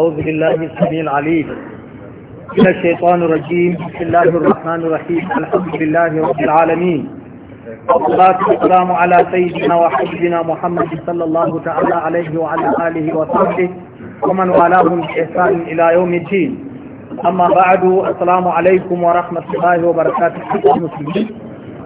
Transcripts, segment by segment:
أعوذ بالله السميع العليم من الشيطان الرجيم بسم الله الرحمن الرحيم الحمد لله رب العالمين والصلاة والسلام على سيدنا وحبيبنا محمد صلى الله تعالى عليه وعلى آله وصحبه ومن والاهم بإحسان إلى يوم الدين أما بعد السلام عليكم ورحمة الله وبركاته المسلمين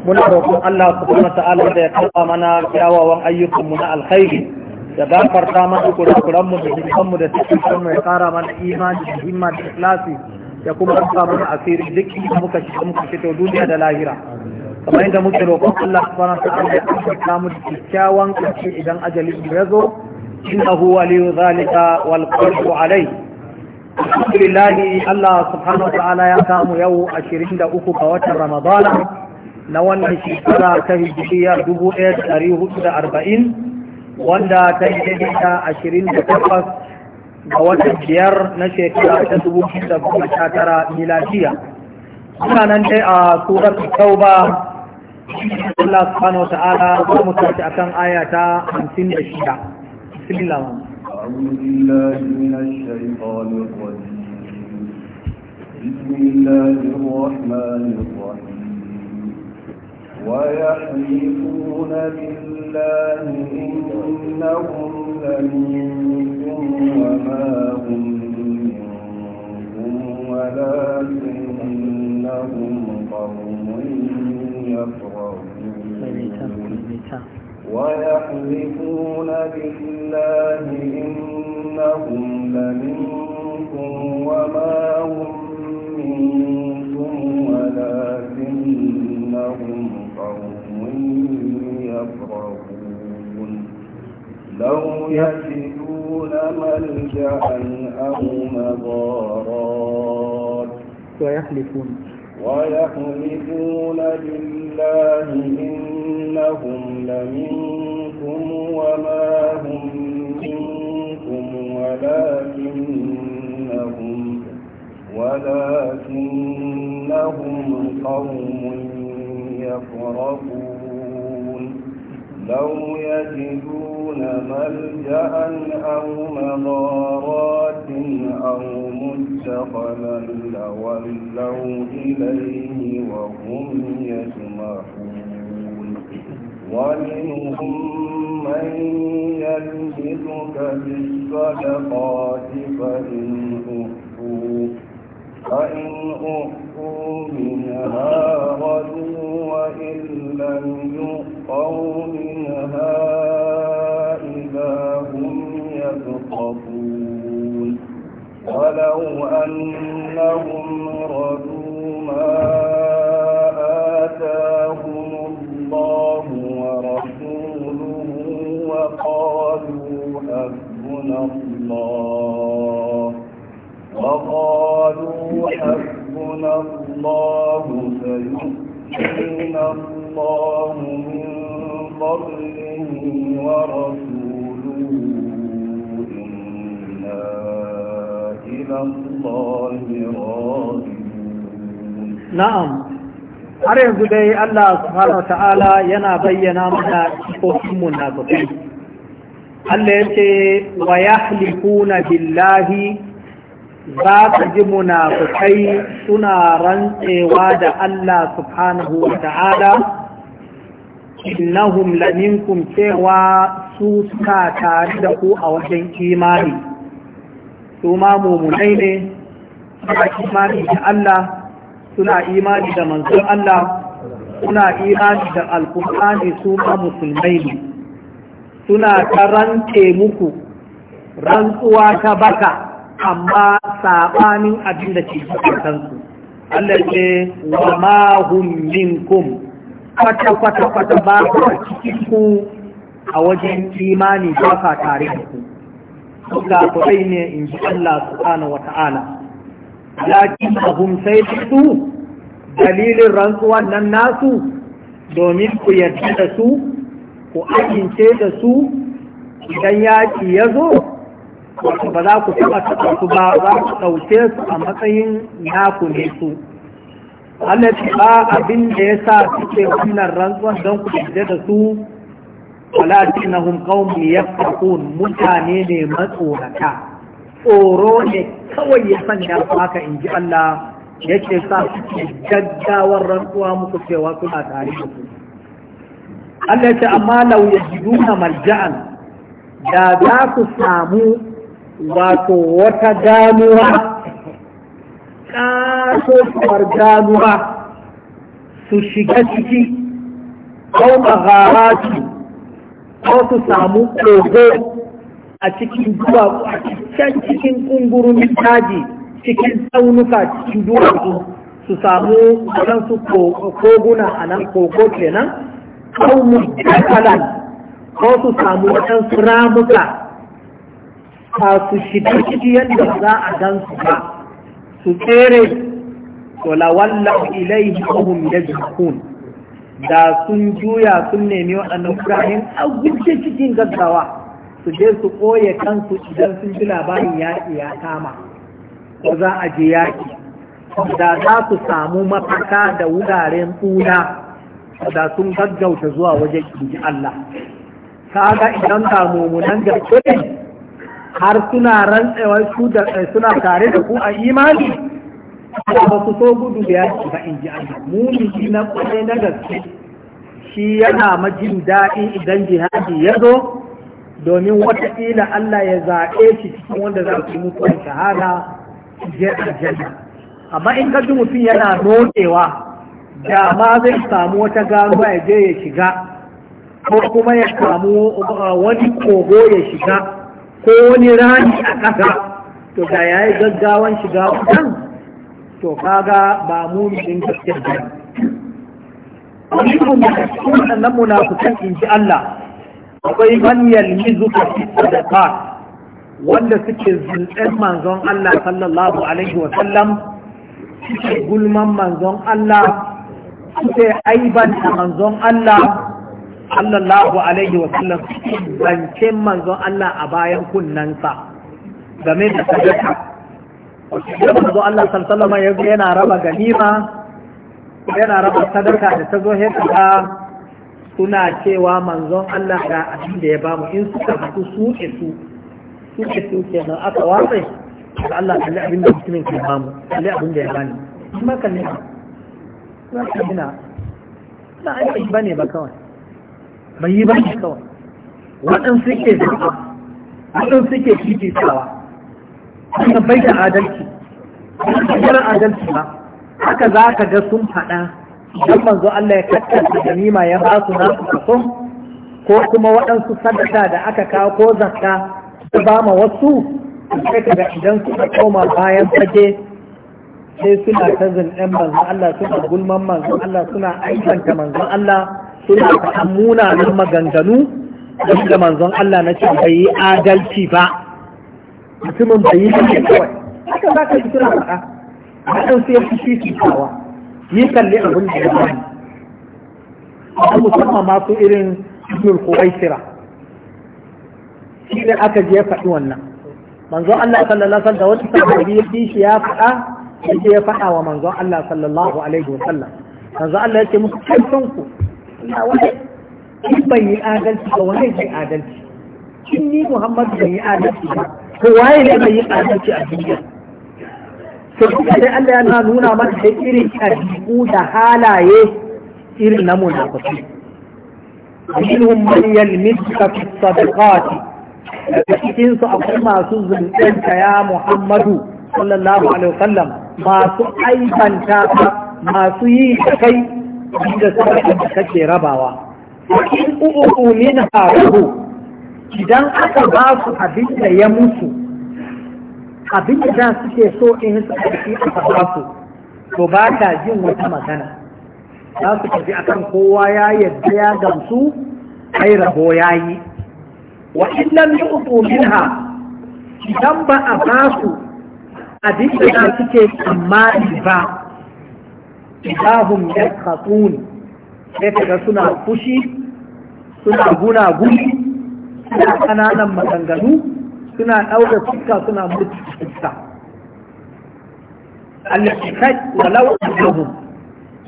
muna roƙon Allah subhanahu wa ta'ala da ya karɓa mana kyawawan ayyukan mu na alkhairi da gafarta mana kurakuran mu da dukkan da cikin mu ya kara mana imanin da himma da ikhlasi ya kuma rufa mana asiri duk inda muka shiga muka fito duniya da lahira kamar yadda muke roƙon Allah subhanahu wa ta'ala ya amsa mu da kyakkyawan kace idan ajali ya zo innahu waliyyu zalika wal qadru alai. alhamdulillah Allah subhanahu wa ta'ala ya samu yau 23 ga watan Ramadana na wannan shekara ta hijriya 1440 wanda ta yi daidaita ashirin da takwas ga watan biyar na shekara ta dubu da goma sha tara miladiya suna nan dai a surar tauba Allah subhanahu wa ta'ala za mu tafi akan aya ta hamsin da shida bismillah أعوذ بالله من الشيطان الرجيم بسم الله الرحمن الرحيم ويحلفون بالله إنهم لمنكم وما هم منكم ولكنهم قوم يفرحون ويحلفون بالله إنهم لمنكم وما هم منكم ولكنهم يفرحون لو يجدون ملجأ أو مغارات ويحلفون ويحلفون بالله إنهم لمنكم وما هم منكم ولكنهم ولكنهم قوم يفرحون لو يجدون ملجأ أو مغارات أو مستقلا لولوا إليه وهم يسمحون ومنهم من يلبسك بالصدقات فإن أحبوا فإن أحبوا يأكلوا منها وإن لم يؤقوا منها إذا هم يبقون ولو أنهم ردوا ما آتاهم الله ورسوله وقالوا حبنا الله وقالوا حسبنا يحبون الله فيحبون الله من فضله ورسوله إنا إلى الله راجعون نعم أرهن ذلك الله سبحانه وتعالى ينبينا منا حكم النظر الذي ويحلقون بالله بالله za ka ji munafukai suna rantsewa da Allah subhanahu wa ta'ala innahum laminkum cewa su suka tare da ku a wajen imani su ma mumunai ne suna imani da Allah suna imani da manzon Allah suna imani da alkur'ani su ma musulmai ne suna ta rantse muku rantsuwa ta baka amma sabanin abin da ke cikin su Allah ce wa ma hum minkum kwata kwata kwata ba su a cikinku a wajen imani ba ka tare da ku suka ku ne in ji Allah subhanahu wa ta'ala lakin hum sai su dalilin rantsuwan nan nasu domin ku yarda da su ku amince da su idan yaki ya zo wato ba za ku taɓa taba su ba za ku ɗauke su a matsayin naku ne su Allah ce ba abin da ya sa suke wannan rantsuwan don ku yarda da su mai ya yafqun mutane ne matsorata tsoro ne kawai ya sanya su haka in ji Allah ya yake sa suke gaggawar rantsuwa muku cewa suna tare da ku Allah ce amma lau yajiduna malja'an da za ku samu wato wata ƙaso ƙasofar damuwa su shiga ciki ko su, ko su samu kogo a cikin duwatsu a cikin cikin ƙungurumin daji cikin tsaunuka cikin duwatsu su samu su koguna a nan kogo kenan ƙaunin mutakalan ko su samu waɗansu ramuka ka su shiga ciki yadda za a gan su ba su tsere walawalla ilaihi hum da sun juya sun nemi waɗannan kurayen a guje cikin gaggawa su je su koye kansu idan sun ji labarin yaƙi ya kama ko za a je yaƙi da za su samu mafaka da wuraren tsuna da sun gaggauta zuwa wajen inji Allah kaga idan mummunan mumunan gaske har suna rantsewar su da eh, suna tare da ku a imani ba su so gudu da yaki ba in ji Allah mumini na kwarai na gaske shi yana majin daɗi idan jihadi ya zo domin wataƙila Allah ya zaɓe shi cikin wanda za su a shahada je aljanna amma in ka ji mutum yana nodewa da ma zai samu wata gano ya je ya shiga ko kuma ya samu uh, wani kogo ya shiga ko wani rani a ƙasa to da ya yi gaggawan shiga wutan to kaga ba mu din gaskiya ba Wani da mu na ku in ji Allah akwai man yalmizu ka sadaqa wanda suke zulɗen manzon Allah sallallahu alaihi wa sallam suke gulman manzon Allah suke aibanta manzon Allah sallallahu alaihi wa sallam zancen manzon Allah a bayan kunnansa game da sadaka da manzon Allah sallallahu alaihi wa sallam yana raba ganima yana raba sadaka da ta zo hekata suna cewa manzon Allah ga abin da ya bamu in suka haku su ke su su ke su ke nan aka watsa da Allah kalli abin da mutumin ke bamu kalli abin da ya bani kuma kalli ba na ina ina aiki ne ba kawai bai yi ba ne kawai waɗansu ke zaɓa waɗansu ke fifitawa wanda bai da adalci wanda adalci ba haka za ka ga sun faɗa idan manzo Allah ya kakkanta ganima ya ba su na nasu kason ko kuma waɗansu sadaka da aka kawo ko zakka su ba ma wasu sai ka ga idan suka koma bayan fage sai suna ta zin ɗin manzo Allah suna gulman manzo Allah suna aikanta manzo Allah suna faɗan munanan maganganu da manzon Allah na ce bai yi adalci ba mutumin bai yi shi kawai haka za ka kira faɗa haɗin sai fi shi cikawa yi kalli abin da ya bani a musamman masu irin ibnul kuwaisira shi ne aka je faɗi wannan manzon Allah sallallahu alaihi wasallam da wata sahabi ya fi shi ya faɗa ya je ya faɗa wa manzon Allah sallallahu alaihi wasallam manzon Allah ya ce musu kai ku na wani in ban yi adalci ba wani zai adalci in ni muhammadu ban yi adalci ba Ko waye ne ban yi adalci a duniya to duka dai Allah yana nuna maka da irin ɗabi'u da halaye irin na munafiki minhum man yalmiska fi sadaqati daga cikin su akwai masu zunɗanta ya Muhammadu sallallahu alaihi wasallam masu aibanta masu yi kai da sadaka da kake rabawa in uku min haruhu idan aka ba su abin da ya mutu abin da za suke so in su aiki aka ba su to ba ta jin wata magana za su tafi akan kowa ya yadda ya gamsu ai rabo ya yi wa yi lam min ha idan ba a ba su abin da suke tsammani ba ya yakhatun ya kaga suna fushi suna guna guni suna kananan maganganu suna ɗauka fuska suna mutu fuska allati kai walau annahum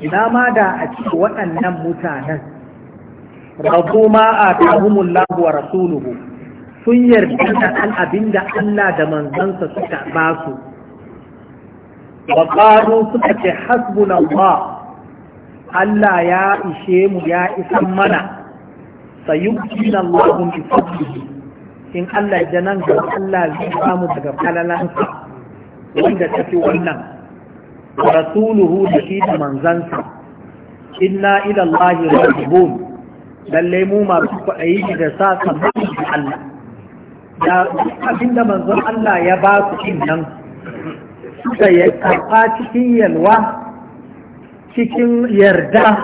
ina ma da a ci waɗannan mutanen rabu ma a tahumullahu wa rasuluhu sun yarda da al'abin da Allah da manzansa suka ba su wa suka ce hasbunallah Allah ya ishe mu ya isa mana sayuqina Allahu min fadlihi in Allah ya nan ga Allah zai samu daga falalansa wanda tafi wannan rasuluhu da shi da manzansa inna ila Allah rabbun lalle mu ma ku da sa da abinda manzon Allah ya ba su nan da ya karɓa cikin yalwa cikin yarda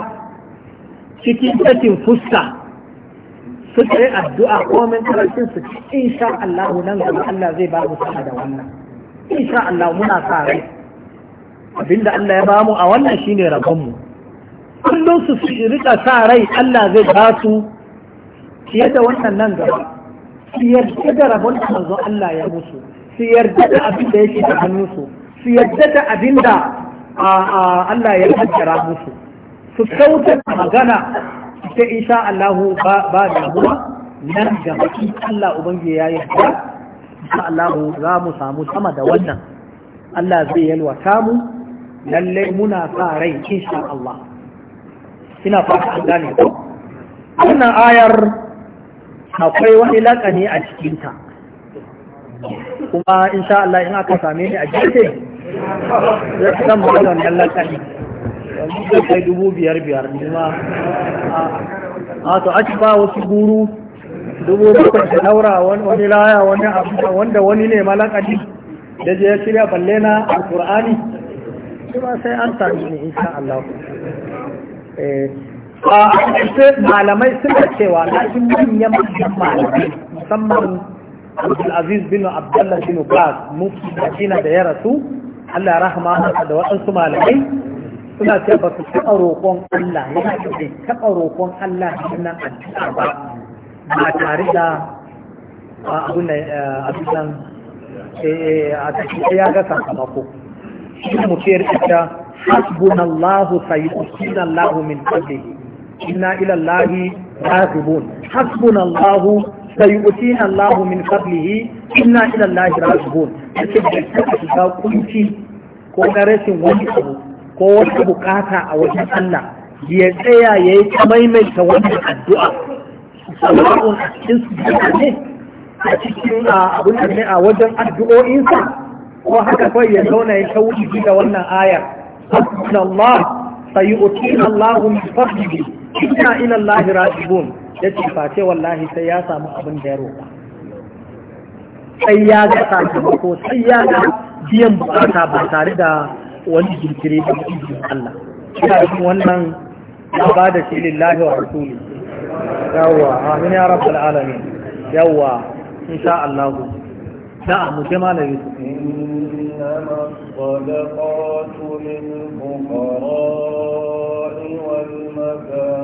cikin cikin fuska suka yi addu'a komen karfin su insha Allah nan gaba Allah zai ba mu sa'a da wannan insha Allah muna sa rai abinda Allah ya ba mu a wannan shine rabon mu kullum su rika sa rai Allah zai ba su fiye da wannan nan gaba su yarda da rabon da Allah ya musu su yarda da abin da yake da hannu su su yadda da abin da Allah ya kaddara musu su kautar magana ta insha Allahu ba damuwa nan ga baki Allah ubangiji ya yarda insha Allah za mu samu sama da wannan Allah zai yalwata mu lallai muna sa rai insha Allah ina fata an gane ko wannan ayar akwai wani lakani a cikinta kuma insha Allah in aka same ni a gefe zan ba da wannan lakani yanzu zai kai dubu biyar biyar kuma a to a ci ba wasu guru dubu bakwai da daura wani laya wani abu wanda wani ne malakadi da je ya shirya balle na alkur'ani kuma sai an sami ne insha Allah eh, a malamai sun suna cewa na cikin manyan malamai musamman Al-aziz bin Abdullah bin Baz mufti da da ya rasu Allah rahama masa da waɗansu malamai suna ce ba su taɓa roƙon Allah ya ce bai taɓa roƙon Allah cikin nan addu'a ba ba tare da abin da abin nan eh, eh, a cikin ya ga sakamako shi mu ce rikita hasbunallahu sayyidunallahu min fadlihi inna ila Allahi raghibun hasbunallahu sayyutina Allahu min fadlihi inna ila Allahi raghibun ake da kake shiga kunci ko na rashin wani abu ko wata bukata a wajen Allah ya tsaya ya yi ta maimaita wani addu'a sawa'un a cikin su ne a cikin abin da ne a wajen addu'o'insa ko haka kawai ya zauna ya shawuji da wannan ayar hasbuna Allah sayu'tina Allahu min fadlihi inna ila Allah raji'un yace face wallahi sai ya samu abin da ya roƙa sai ya ga sakamako sai ya ga biyan bukata ba tare da wani jinkiri da jirgin Allah ina cikin wannan ya ba da shi lillahi wa rasuli yawwa amin ya rabbal alamin yawwa insha Allah نعم كما لا إنما الصدقات للفقراء والمساكين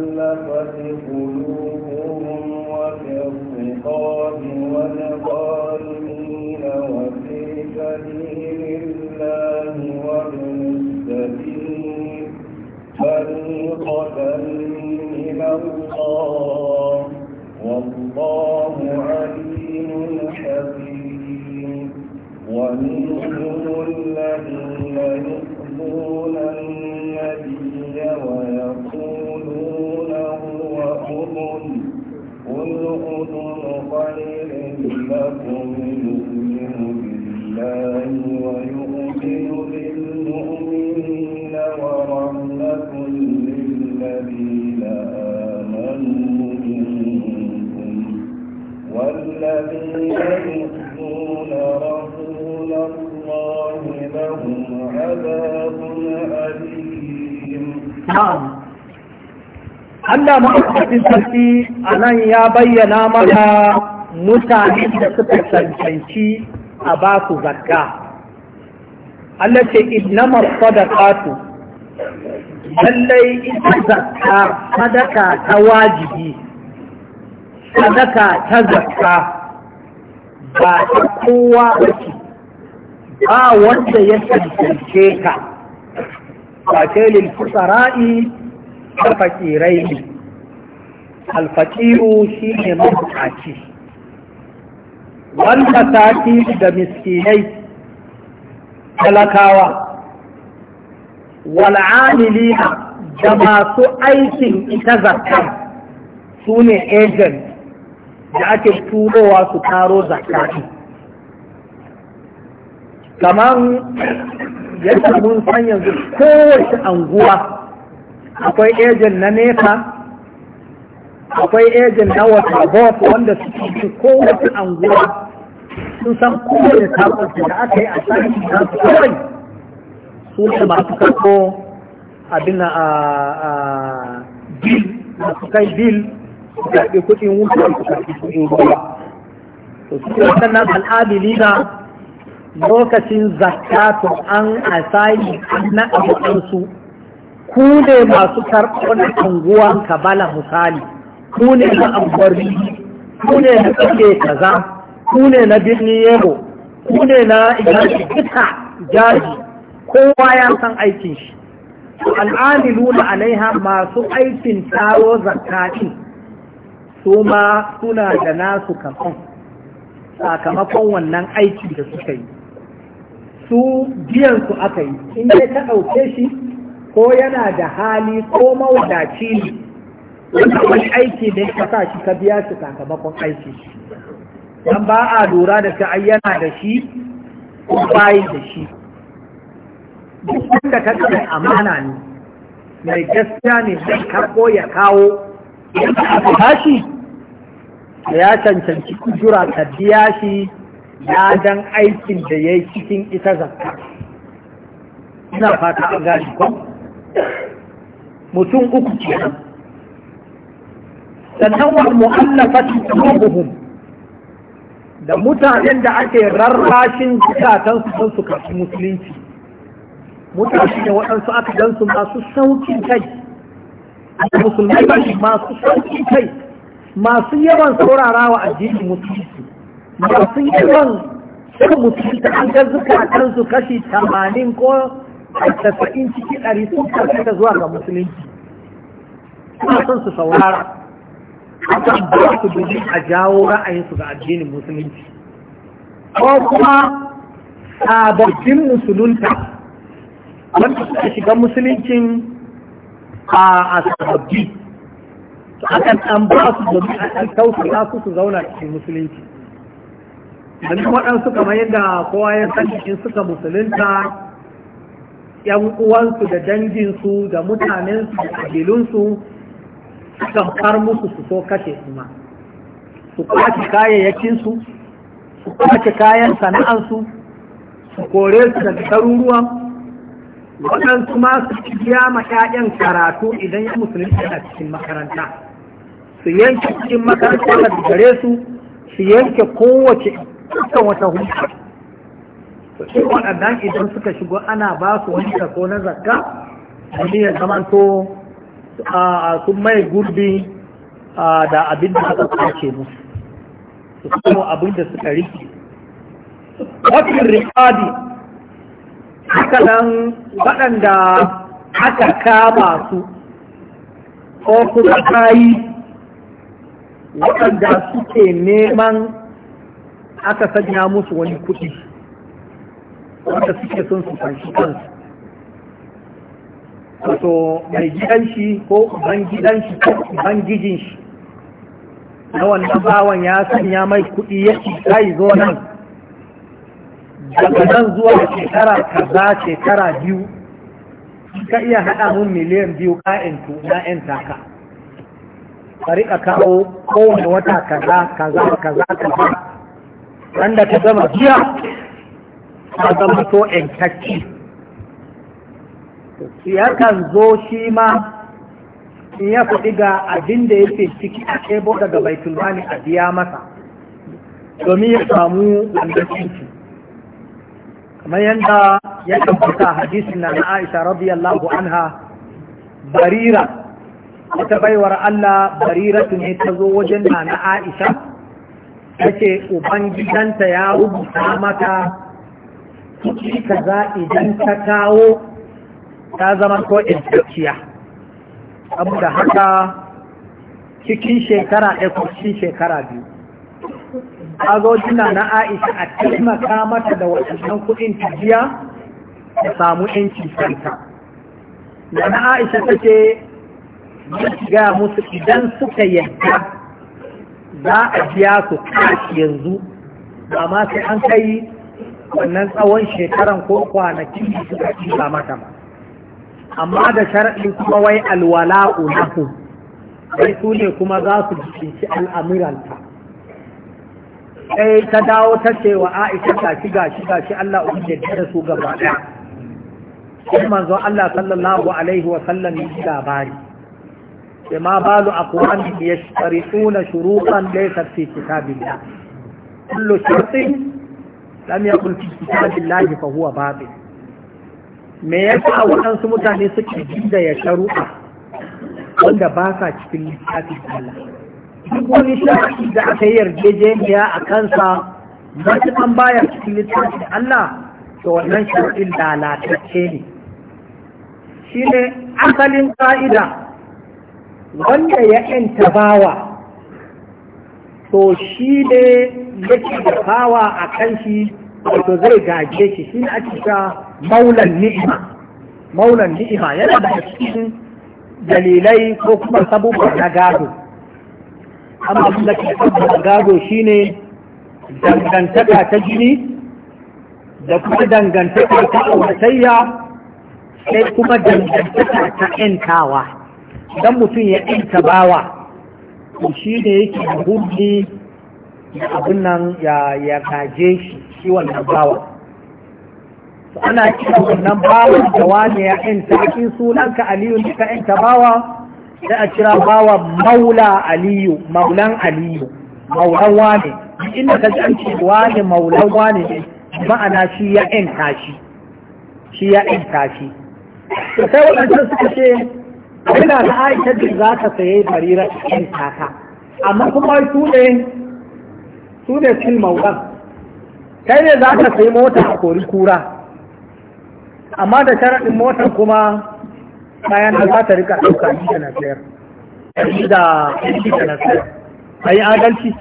مؤلفة قلوبهم a nan ya bayyana maka mutane da suka cancanci a ba su zakka Allah ce innama sadaqatu lallai ita zakka sadaka ta wajibi sadaka ta zakka ba ta kowa ake ba wanda ya cancance ka ba ke lil fusara'i da fakirai ne alfakiru shi ne mabukaci wanda sati da miskinai talakawa wal'amilina da masu aikin ita zarta su ne agent da ake turowa su taro ne kamar yadda mun san yanzu kowace anguwa akwai agent na nesa. akwai ejin da wata bot wanda suke kowace anguwa sun san kowane sabon da aka yi a da su kawai su ne masu karko abin a bil masu kai bil su karɓi kuɗin wuta su karɓi kuɗin ruwa to su waɗannan al'adili na lokacin zakka to an asali na abokansu ku ne masu karɓar anguwan kabala misali ku ne na amfari ku ne na tsake kaza ku ne na birni yaro ku ne na ilashi kita jaji kowa ya san aikin shi a alaiha masu aikin taro zakatin su ma suna da nasu kamfan sakamakon wannan aiki da suka yi su biyansu aka yi in dai ta ɗauke shi ko yana da hali ko mawadaci ne wani aiki da ya sa shi ka biya shi sakamakon aiki shi ba a lura da ta ayyana da shi ko bayi da shi duk wanda ka amana ne mai gaskiya ne zai karɓo ya kawo yadda aka tashi ya cancanci kujura ka biya shi ya dan aikin da ya yi cikin ita zakka ina fata an gani ko mutum uku ce. sannan wa mu'allafati qulubuhum da mutanen da ake rarrashin zukatan su don su karɓi musulunci mutane da waɗansu aka gan su masu sauƙin kai musulmai masu sauƙin kai masu yawan saurara wa addinin musulunci masu yawan suka musulunci an ga zukatan su kashi tamanin ko tasa'in ciki ɗari sun karkata zuwa ga musulunci suna son su saurara akan ba su domin a jawo ra'ayinsu ga addinin musulunci ko kuma sababbin musulunta wanda suka shiga musuluncin a sababbi akan an ba su domin a ɗan tausaya su su zauna cikin musulunci domin waɗansu kamar yadda kowa ya san in suka musulunta yan uwansu da danginsu da mutanensu da ƙabilunsu suka far musu su so kashe su ma su kwace kayayyakinsu su kwace kayan sana'ansu su kore su daga garuruwan waɗansu ma su biya ma karatu idan ya musulunci a cikin makaranta su yanke cikin makaranta da gare su su yanke kowace dukkan wata hulɗa to shi waɗannan idan suka shigo ana ba su wani kaso na zakka wani ya to. sun mai gurbi da abin da aka kwace musu su kuma abin da suka riki wafin rikadi haka nan waɗanda aka kama su ko kuma kayi waɗanda suke neman aka sanya musu wani kuɗi wanda suke son su fanshi kansu wato mai gidan shi ko ban gidan shi ko ban gijin shi na wannan bawan ya sanya mai kuɗi ya ci kai zo nan daga nan zuwa shekara kaza shekara biyu ka iya haɗa mun miliyan biyu ka'intu na 'yan taka ka kawo kowane wata kaza kaza kaza kaza wanda ta zama biya ta zama to 'yan yakan zo shi ma ya faɗi ga abin da yake ciki a kebo daga baitulmani a biya masa domin ya samu lantarki kamar yadda ya tabbata hadisi na na Aisha radiyallahu anha barira wata baiwar Allah bariratu ne ta zo wajen na na Aisha take ubangidanta ya rubuta mata kuɗi za idan ta kawo ta zama ko intakiya saboda haka cikin shekara ɗaya ko cikin shekara biyu jina na aisha a taimaka mata da waɗannan kuɗin tajiya ta samu yanci santa da na aisha ta ce gaya musu idan suka yanka za a biya su kashi yanzu amma sai an kai wannan tsawon shekaran ko kwanakin da suka ci mata ba amma da sharaɗin kuma wai alwala'u lahu sai su ne kuma za su jikinci al'amuranta sai ta dawo ta ce wa aisha gashi gashi gashi Allah uku da da su gaba ɗaya sai manzo Allah sallallahu alaihi wa sallam yi labari sai ma balu aqwan yashtarifuna shurutan laysa fi kitabillah kullu shartin lam yakun fi kitabillah fa huwa batil me ya sa waɗansu mutane suke jinda ya a wanda ba sa cikin littafin Allah duk wani sharaɗi da aka yi yarjejeniya a kansa matuƙan baya cikin littafin Allah to wannan sharaɗin lalatacce ne shi ne asalin fa'ida. wanda ya ‘yanta bawa to shi ne yake da bawa a kanshi, shi wato zai gaje shi shi ne ake sha maulan ni'ima maulan ni'ima yana da cikin dalilai ko kuma sabuwa na gado amma abin da ke sabuwa gado shine dangantaka ta jini da kuma dangantaka ta auratayya sai kuma dangantaka ta ‘yantawa don mutum ya ‘yanta bawa shi ne yake hulɗi da abin nan ya gaje shi shi wannan bawa ana kira wannan bawan da wane ya yanta in sunanka aliyu ne ka yanta bawa sai a kira bawa maula aliyu maulan aliyu maulan wane inda ka ji an ce wane maulan wane ne ma'ana shi ya yanta shi shi ya yanta shi to sai waɗancan suka ce ina da aisha da za ka saye barira in ta amma kuma su ne su ne cin maulan kai ne za ka sayi mota a kori kura amma da sharaɗin motar kuma bayan da za ta rika ɗauka ni da nasayar da ni da a yi adalci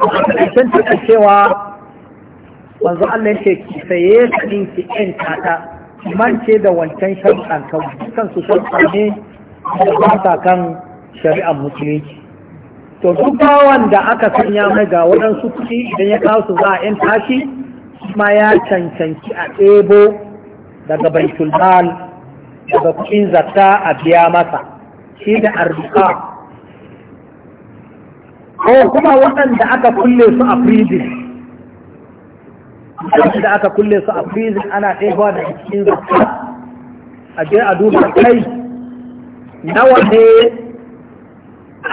a cikin ta cewa wanzu Allah yake ki saye ɗin ki ɗin tata mance da wancan sharuɗan kawai kan su ne da ba sa kan shari'ar musulunci to duk bawan da aka sanya mai ga waɗansu kuɗi idan ya kawo su za a ɗin tashi ma ya cancanci a ɗebo daga baitul mal daga kuɗin zakka a biya masa shi da arziki ko kuma waɗanda aka kulle su a prison waɗanda aka kulle su a firizin ana ɗaiwa da cikin zakka a je a duba kai nawa ne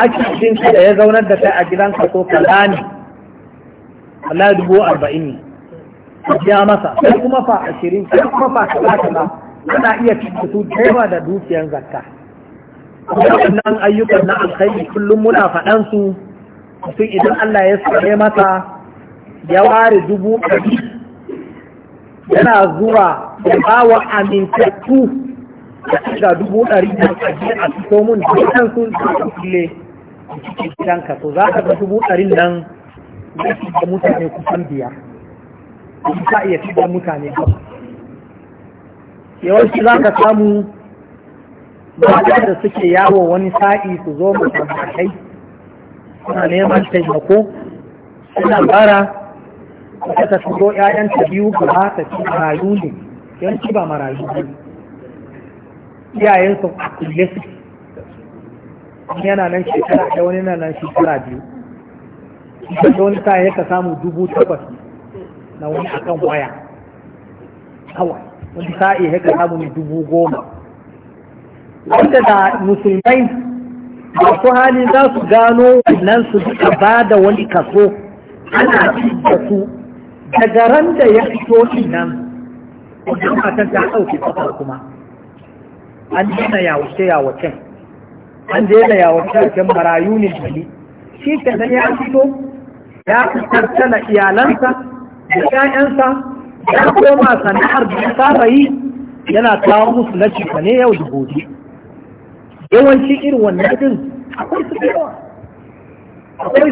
ake cinka da ya zaunar da kai a gidan ka ko kaza ne Allah dubu arba'in ne ya masa sai kuma fa ashirin sai kuma fa ta ba ana iya su da da dukiyar zakka wannan ayyukan na alkhairi kullum muna faɗan su sun idan Allah ya sare masa ya ware dubu ɗari yana zuwa ya ba wa amintattu da dubu ɗari da kaji a fito mun dukkan sun da kulle cikin gidanka to za ka ga dubu ɗarin nan da mutane kusan biyar ka iya fitar mutane ba yawanci za ka samu mata da suke yawo wani sa'i su zo mu suna neman taimako suna bara ta ta shigo ‘ya'yanta biyu ba ta ci marayu ne ci ba marayu ne iyayensu a kulle su yana nan shekara da wani nan shekara biyu ta wani sa ya ka samu dubu takwas ne na wani akan waya kawai wani sa'i haka abu ne dubu goma wanda da musulmai masu hali za su gano wannan su duka ba da wani kaso ana da su daga ran da ya fito nan wajen matan ta ɗauke kasar kuma an daina yawace yawacen an na yawace yawacen marayu ne jini shi ka ya fito ya fitar tana iyalansa da ya koma sana'ar da ya fara yi yana kawo musu na cika ne yau da gobe yawanci irin wannan din akwai su yawa akwai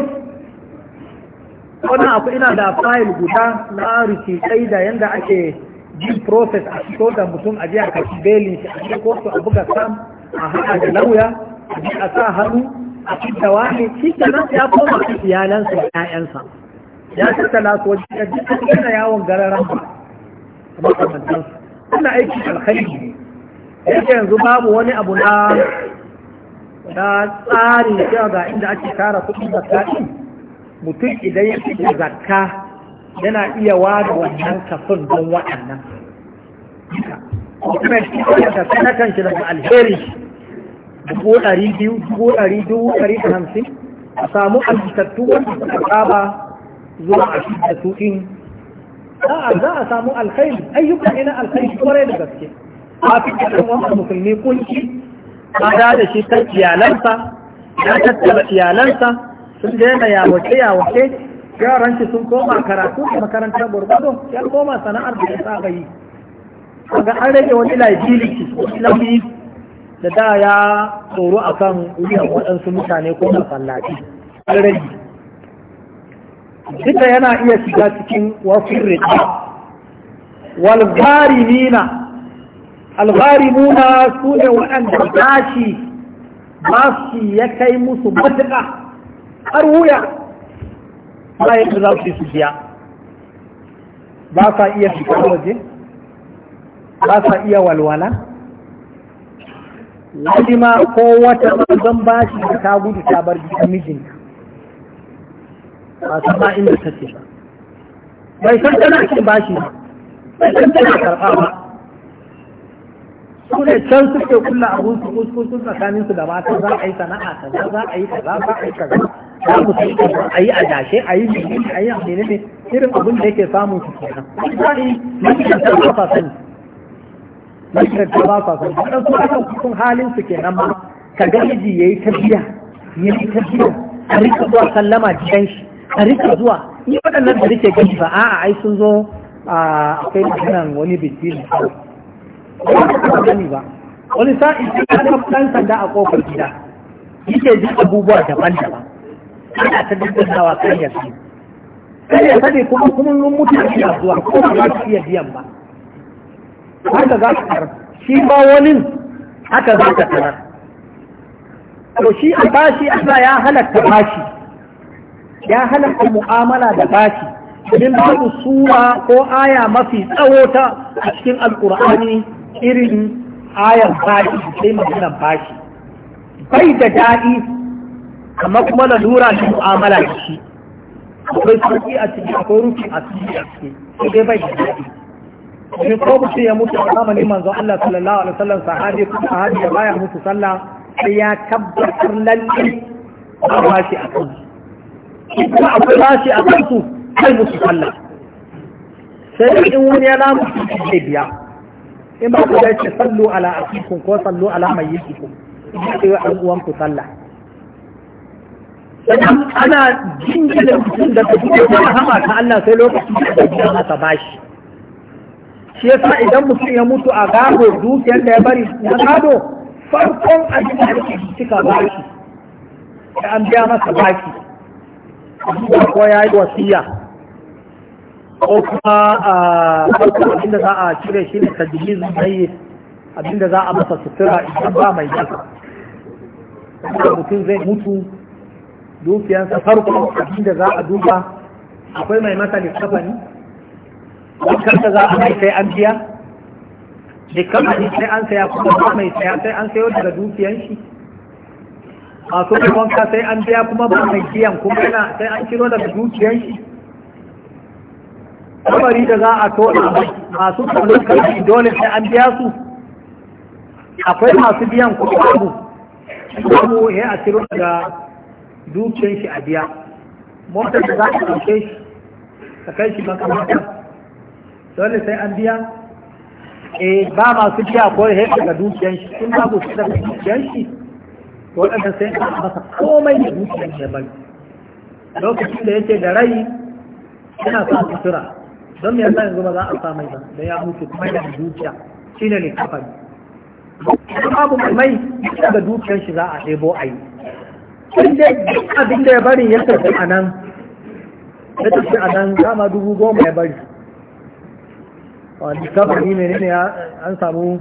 su akwai ina da fayil guda na rikitai da yanda ake jin process a fito da mutum a jiya kashi belin shi a cikin kotu a buga sam a haɗa da lauya a sa hannu a fitawa ne shi nan ya koma iyalansa da 'ya'yansa ya tattala su wajen ya jika yana yawon gararan ba kamar kamantar suna aiki alhaji ne yake yanzu babu wani abu na na tsari cewa ga inda ake tara kuɗin zakka ɗin, mutum idan ya fi zakka yana iya wada wannan kafin don waɗannan kuma shi da sanakan shi daga alheri dubu ɗari biyu dubu ɗari dubu ɗari da hamsin a samu alkitattu wanda suka saba zuwa a shi da su a za a samu alkhairi ayyuka ina alkhairi kwarai da gaske a fi kiran wannan musulmi kunci a da shi ta iyalansa ya tattara iyalansa sun daina yawace yawace yaran shi sun koma karatu a makarantar gurgudu ya koma sana'ar da ya saba yi kaga an rage wani liability nauyi da da ya tsoro akan wuyan waɗansu mutane ko masallaci an rage duka yana iya shiga cikin wasu rita walgharimina algharimuna su ne waɗanda gashi ba su ya kai musu matuƙa har wuya ba za su su biya ba sa iya shiga waje ba sa iya walwala wani ma ko wata zan bashi ta gudu ta bar ta mijinta ba ta ba inda take ba bai san tana cin bashi ba bai san tana karɓa ba su ne can suke kulla abun su kuskusun tsakanin su da mata za a yi sana'a ta za a yi kaza za a yi kaza za mu sai kaza a yi a dashe a yi menene a yi amene ne irin abin da yake samun su kenan wani makiranta ba sa sani makiranta ba sa sani waɗansu akan kusan halin su ke nan ma ka ga miji ya yi tafiya ya yi tafiya a rika zuwa sallama gidan shi a rike zuwa ni waɗannan da rike gani ba a'a ai sun zo a akwai maganan wani bikin. ne gani ba wani sa'in ya ga ɗan sanda a kofar gida yake ji abubuwa daban-daban ana ta daddannawa kan ya sani kan ya sani kuma kuma mun mutu a cikin zuwa ko ba za su iya biyan ba haka za su tarar shi ba wani haka za ka tarar to shi a bashi Allah ya halatta bashi ya halatta mu'amala da bashi domin babu sura ko aya mafi tsawo ta a cikin alkur'ani irin ayar baki sai magana bashi bai da daɗi amma kuma lalura shi mu'amala da shi akwai sauki a cikin akwai rufi a ciki a ciki sai bai da daɗi domin ko mutum ya mutu a zamanin manzo Allah sallallahu alaihi wasallam sahabi ko sahabi ya baya mutu sallah sai ya tabbatar lalle ba shi a kai. kuma akwai bashi a kansu kai musu sallah sai in wani ya lamu ke biya in ba ku da ce sallu ala akikum ko sallu ala mayyitikum in ce an uwan ku sallah sannan ana jingina mutum da ta tafiya da rahama ta Allah sai lokacin da biya masa bashi shi yasa idan mutum ya mutu a gado dukiyar da ya bari na gado farkon abin da ake cika bashi da an biya masa bashi ko ya yi wasiya ko kuma a farko abinda za a cire shi ne ta jiri mai abinda za a masa sutura idan ba mai jasa mutum zai mutu dukiyansa farko abinda za a duba akwai mai masa littafani wakanta za a mai sai an biya littafani sai an saya kuma mai saya sai an sayo daga dukiyan shi masu wanka sai an biya kuma ba mai biyan kuma yana sai an kiro daga dukiyar shi kamari da za a tona masu tsoron karfi dole sai an biya su akwai masu biyan kuma babu abu. ya a kiro daga dukiyar shi a biya motar da za a ɗauke shi ka kai shi makamata dole sai an biya eh ba masu biya ko ya daga dukiyar shi abu babu su daga dukiyar shi waɗanda sai ka masa komai da zuciyar da bari lokacin da yake da rai yana sa sutura don me yasa yanzu ba za a sa mai ba da ya mutu kuma yana da zuciya shine ne kafan. babu mai daga dukiyar shi za a ɗebo a yi inda abin da ya bari ya tafi a nan ya tafi a nan kama dubu goma ya bari wani kafani ne ne an samu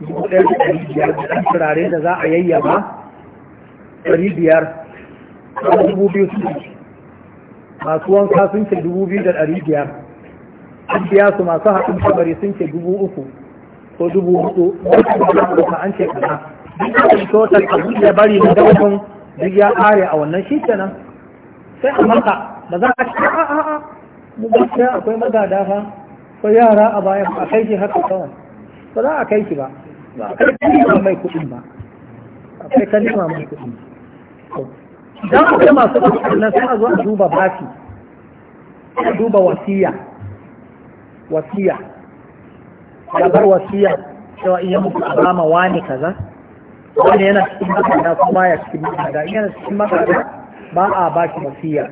dubu ɗaya da ɗari biyar da ɗan turare da za a yayyaba ɗari biyar a dubu biyu su masu wanka sun ce dubu biyu da ɗari biyar an biya su masu haɗin kamari sun ce dubu uku ko dubu hudu wata an ce kaza duk total abin da bari na dabbun duk ya ƙare a wannan shi kenan sai a maka ba za a cika? A'a, a a mu gaskiya akwai magada fa ko yara a baya a kai shi haka kawai ba za a kai shi ba ba a kai kalima mai kuɗin ba a kai kalima mai kuɗin ba Idan ku ga masu nan sai a zo a duba baki a duba wasiya wasiya ya bar wasiya cewa iya mutu a wani kaza wani yana cikin makada kuma ya cikin makada yana cikin makada ba a baki wasiya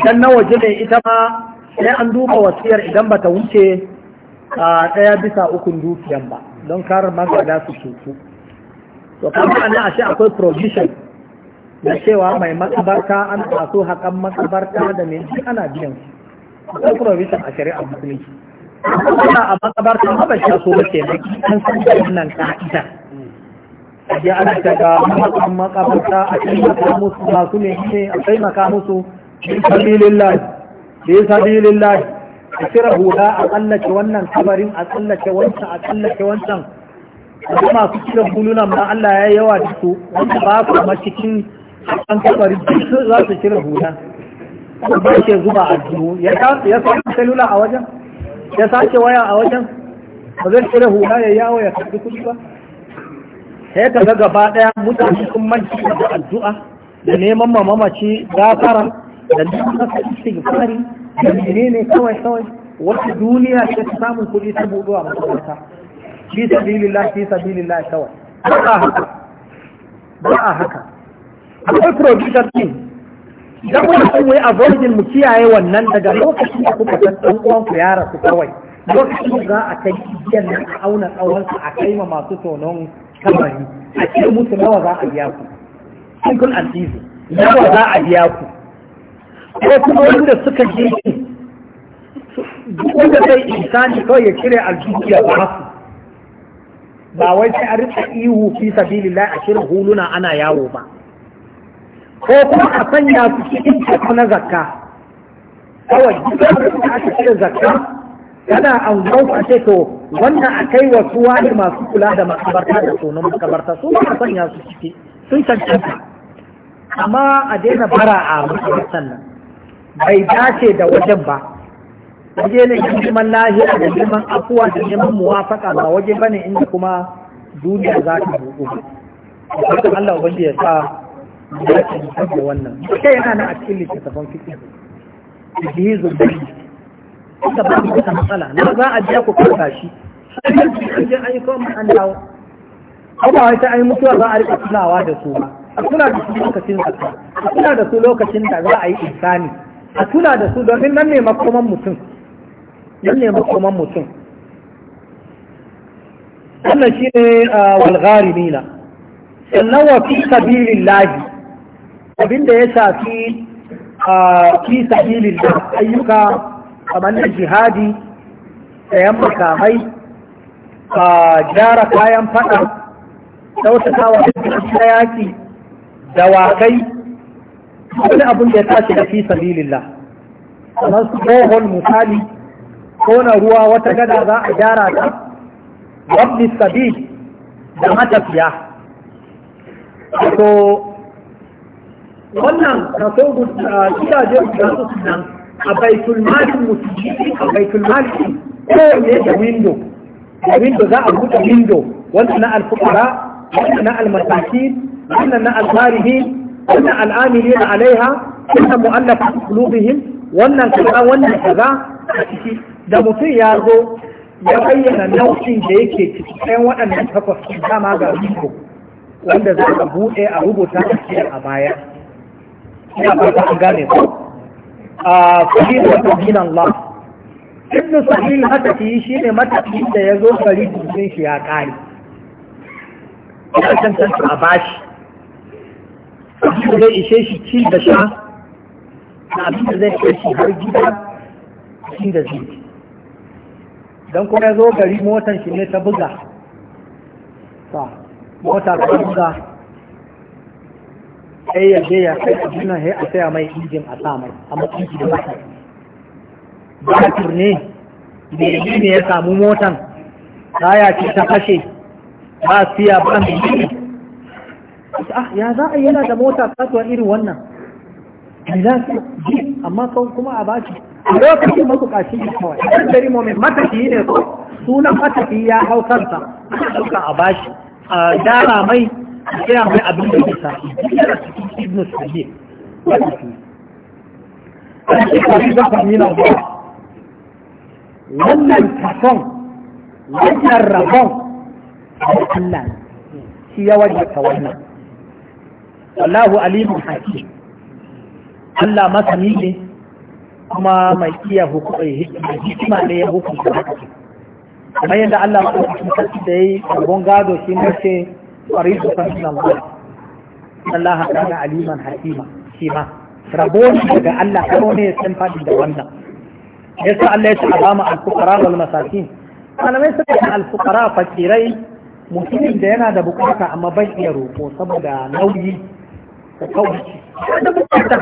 idan na waje ne ita ma sai an duba wasiyar idan ba ta wuce a ɗaya bisa ukun dukiyan ba don karar magada su cutu to kuma ana ashe akwai provision da cewa mai makabarta an masu hakan makabarta da mai ana biyan akwai provision a shari'ar musulunci kuma a makabarta ba shi so ba ke an san da wannan ka'ida ya ana daga makan makabarta a taimaka musu masu ne ne a taimaka musu in sabilin lai da ya sabilin lai a cire hula a tsallake wannan kabarin a tsallake wancan a tsallake wancan kuma masu cikin hulunan ma Allah ya yi yawa da su wanda ba su kuma cikin an kabari su za su kira hula ba ke zuba a jihu ya sake salula a wajen ya sake waya a wajen ba zai kira hula ya yawo ya tafi kuɗi ba sai ka ga gaba ɗaya mutane sun manci da addu'a da neman mamaci gafara da neman istighfari da menene kawai kawai wata duniya ce ta samun kuɗi ta buɗu a makaranta fi sabilillah fi sabilillah kawai ba a haka ba a haka akwai producer team idan kuna son wai avoiding mu kiyaye wannan daga lokacin da kuka san dan uwan ku ya rasu kawai lokacin za a kai biyan nan a auna tsawon a kai ma masu tonon kamari a ce musu nawa za a biya ku simple and easy nawa za a biya ku ko kuma wanda suka je duk wanda zai insani kawai ya cire aljihu ya ba su ba wai sai a rika ihu fi sabilillah a shirin huluna ana yawo ba ko kuma a sanya su cikin teku na zakka kawai duk da aka cire zakka yana an zauka ce to wannan a kai wa suwa ne masu kula da makabarta da sunan makabarta su ma a sanya su ciki sun cancanta amma a daina bara a makabartan nan bai dace da wajen ba waje ne yin neman lahiya da neman afuwa da neman muwafaka ba waje ba ne inda kuma duniya za ta buɗu. Allah ubangiji ya sa da ake fitar da wannan sai yana na a cikin littattafan fiƙi da yi zurbi suka ba su wata matsala na za a biya ku karɓa shi an je an yi kawai an dawo ko ba wai ta an yi mutuwa za a riƙa tunawa da su ba a kula da su lokacin zakka a kula da su lokacin da za a yi insani a tuna da su domin nan ne makoman mutum nan ne makoman mutum wannan shi ne ah, walgharimina sannan wa fi sabilillahi abinda ya shafi a fi ilil da ayyuka kamar na jihadi sayan makamai a gyara kayan fada kyautata wa da yaki dawakai wani abin da ya tashi da fi sabilillah kamar su bohol misali kona ruwa wata gada za a gyara ta wabni sabi da matafiya to wannan kaso ah, gidaje guda uku nan a baitul mali musulmi a baitul mali ne da windo, da windo za a buɗe windo wanda na alfukara wanda na almasakin wannan na alfarihi wanda al'amiri na alaiha wannan mu'allafa qulubihim wannan kaza wannan kaza a ciki da mutum ya zo ya bayyana nau'in da yake ciki ɗayan waɗannan takwas dama ga window wanda za a buɗe a rubuta a baya ina farko an gane su a sahih da tahin Allah ibn sahih haka shi shine matafi da yazo gari cikin shi ya kare ya tantance a bashi zai ishe shi ci da sha na abin da zai kai shi har gida cikin da zai dan kuma yazo gari motan shi ne ta buga ta mota ta buga sai ya je ya kai abin sai a saya mai injin a sa mai a matsinki da batir batir ne da yi ne ya samu motan kaya ce ta fashe. ba siya ba mai ah ya za a yana da mota kasuwa irin wannan mai za su ji amma kuma a bashi a lokacin mabukaci ne kawai ɗan dari momin matafiyi ne ko sunan matafiyi ya hau kansa ana ɗauka a bashi a dara mai ya mai abin da ke sa yana cikin ibnu sahih an ce kari da kamina ba wannan kafon wannan rabon da Allah shi ya wajata wannan wallahu alimun hakim Allah masani ne kuma mai iya eh, hikima ne ya hukunta haka kamar yadda Allah maɗaukacin sarki da ya yi gado shi ne فريضة من الله إن الله كان عليما حكيما شيما ربوني daga Allah karo ne ya san fadi da wannan yasa Allah ya ce azama al-fuqara wal masakin malamai suka ce al-fuqara fakirai mutumin da yana da bukata amma bai iya roƙo saboda nauyi ko kawai da bukata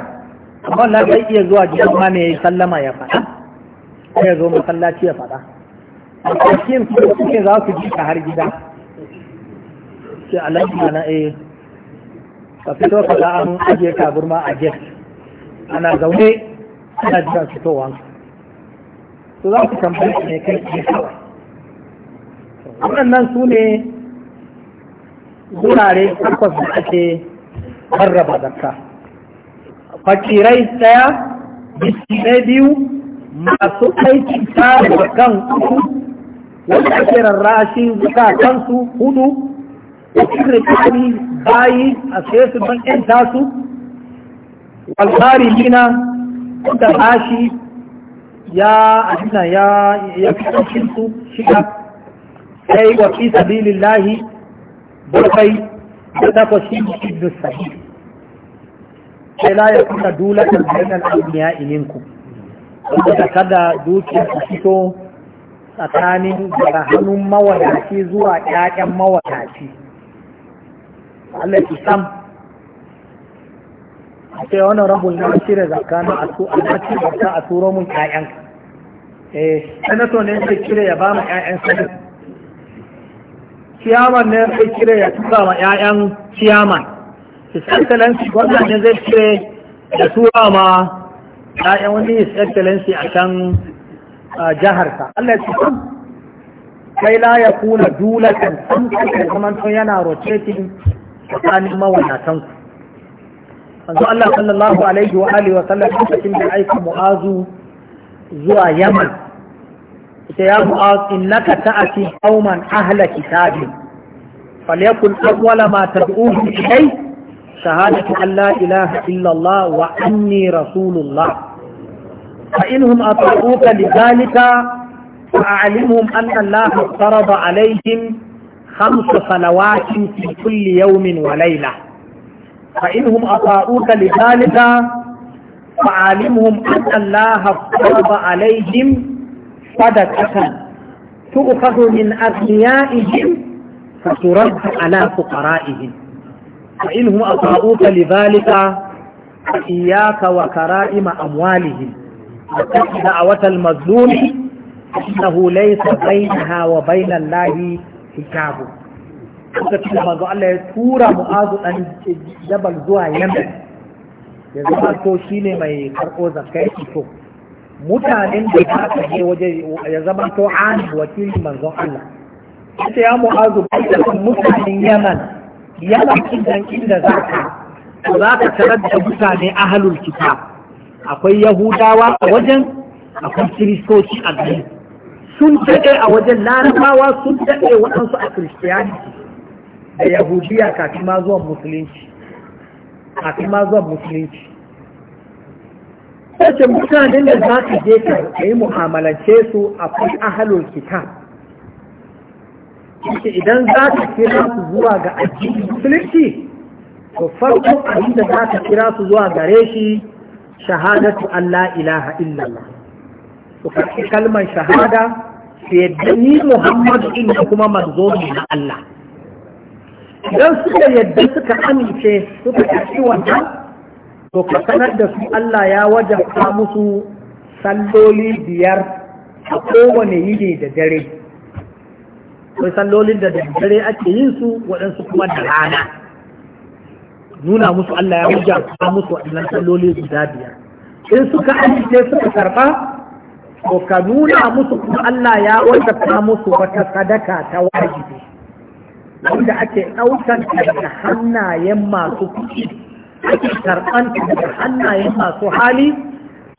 amma Allah bai iya zuwa gidan ma ne sallama ya faɗa ya zo masallaci ya faɗa al-fakirin suke za su ji ta har gida ce alaƙi na eh ka fito ka ga an ajiye taburma a get ana zaune ana jiran fitowa su za su tambayi su ne kai ne kawai waɗannan su ne wurare takwas da ake rarraba zakka fakirai ɗaya miskinai biyu masu aikin tare da kan uku wanda ake rarrashi zuka kansu hudu ibn kami bayi a sai su don ƴan tasu walharimina da bashi ya abinda ya ya fi su shiga sai wa fi sabilillahi bakwai da ta shi ibn sahih sai la ya kuna dulatan bainal awliya ilinku wanda kada dukiyar su fito tsakanin daga hannun mawadaci zuwa ƴaƴan mawadaci Allah ki sam a ce wani rabu na cire zakana a su a ci zakka a turo mun ƴaƴan eh so ne sai cire ya ba mu ƴaƴan sai ciyaman ne sai cire ya tuka ma ƴaƴan ciyaman his excellency gwamnati ne zai cire da tura ma ƴaƴan wani his excellency a can jaharsa Allah ki sam kai la ya kuna dulatan sun kai zaman yana rotating tsakanin mawadatan ku manzo Allah sallallahu alaihi wa alihi wa sallam lokacin da aika mu'azu zuwa Yaman ita ya mu'az innaka ta'ati qauman ahla kitabi falyakun awwala ma tad'uhum ilay shahadatu an la ilaha illa Allah wa anni rasulullah fa inhum ata'uka lidhalika fa'alimhum anna Allah farada alaihim خمس صلوات في كل يوم وليلة فإنهم أطاعوك لذلك فعلمهم أن الله افترض عليهم صدقة تؤخذ من أغنيائهم فترد على فقرائهم فإنهم أطاعوك لذلك فإياك وكرائم أموالهم واتق دعوة المظلوم إنه ليس بينها وبين الله kitabu lokacin da manzo Allah ya tura mu'azu dan jabal zuwa yamen ya zama to shine mai karɓo zakai to mutanen da za ka je waje ya zama to an wakil manzon Allah sai ya mu'azu da mutanen yaman yaman kidan inda za ka za ka tarar da mutane ahlul kitab akwai yahudawa a wajen akwai kristoci a gari sun daɗe a wajen larabawa sun daɗe waɗansu a christianity da yahudiya kafin ma zuwan musulunci kafin ma zuwan musulunci sace mutanen da za su je ka yi mu'amalance su akwai ahalul kitab idan za ka kira su zuwa ga addini musulunci to farko abin za ka kira su zuwa gare shi shahadatu Allah ilaha illallah su kalmar shahada sai yadda ni Muhammadu din da kuma manzo ne na Allah idan suka yadda suka amince suka tafi wannan to ka sanar da su Allah ya wajabta musu salloli biyar a kowane yini da dare akwai sallolin da dare ake yin su waɗansu kuma da rana nuna musu Allah ya wajabta musu waɗannan salloli guda biyar in suka amince suka karɓa Ko ka nuna musu kuma Allah ya wajabta musu wata sadaka ta wajibi wanda ake ɗaukar daga hannayen masu kuɗi ake karɓar daga hannayen masu hali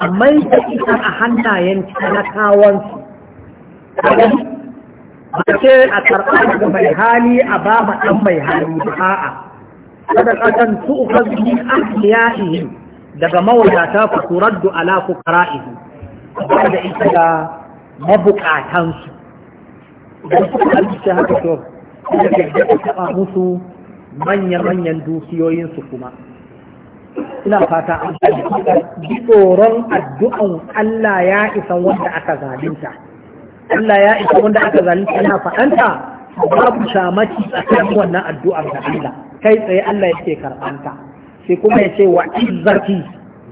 amma da ita a hannayen talakawansu ba ce a karɓa da mai hali a ba ma ɗan mai hali ba a'a sadaqatan tu'khadhu min ahliya'ihim daga mawadata fa turaddu ala fuqara'ihim ba da ita ga mabukatansu idan suka halitta haka to suka ta taɓa musu manya-manyan dukiyoyinsu kuma ina fata an ji tsoron addu'an Allah ya isa wanda aka zalunta Allah ya isa wanda aka zalunta yana faɗanta babu shamaki kan wannan addu'ar da Allah kai tsaye Allah yake karɓanta sai kuma ya ce wa izzati